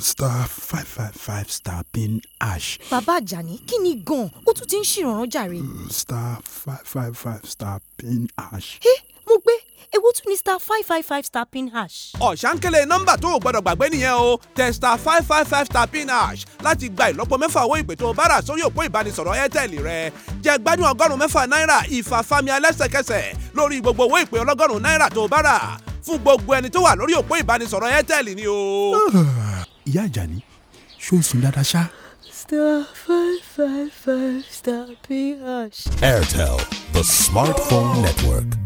star five five five star pin hash. bàbá àjàní kí ni gan-an ó tún ti ń ṣèrànràn jàre. star five five five star pin hash. ẹ mo gbé èwo tún ni star five five five star pin hash. ọ̀sánkélé nọ́mbà tó o gbọ́dọ̀ gbàgbé nìyẹn o tẹ star five five five star pin hash láti gba ìlọ́po mẹ́fà owó ìpè tó o bá rà sórí òpó ìbánisọ̀rọ̀ airtel rẹ jẹ gbádùn ọgọ́rùn-ún mẹ́fà náírà ìfàfàmì alẹ́sẹ̀kẹsẹ̀ lórí gbogbo owó ìpè ọlọ́gọ́rùn-ún náírà tó o bá rà fún gbogbo ẹni tó wà lórí òpó ìbánisọ̀rọ̀ airtel ni o. ìyá àjàní ṣó sùn dáadáa ṣá. star five five five star ph. airtel the smartphone network.